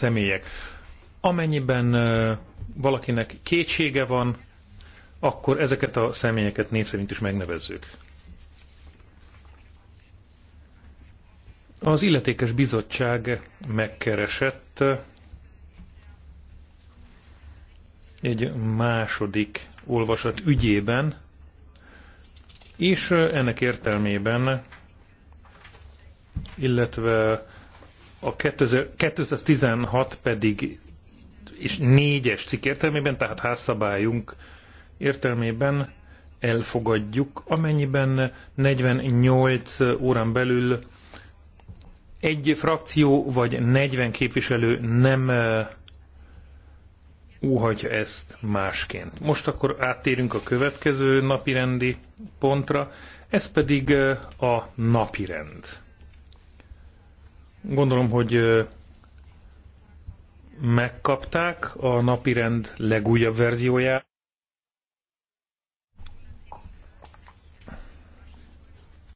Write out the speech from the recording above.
személyek. Amennyiben valakinek kétsége van, akkor ezeket a személyeket név szerint is megnevezzük. Az illetékes bizottság megkeresett egy második olvasat ügyében, és ennek értelmében, illetve a 2016 pedig és négyes cikk értelmében, tehát házszabályunk értelmében elfogadjuk, amennyiben 48 órán belül egy frakció vagy 40 képviselő nem óhagyja ezt másként. Most akkor áttérünk a következő napirendi pontra, ez pedig a napirend. Gondolom, hogy megkapták a napirend legújabb verzióját.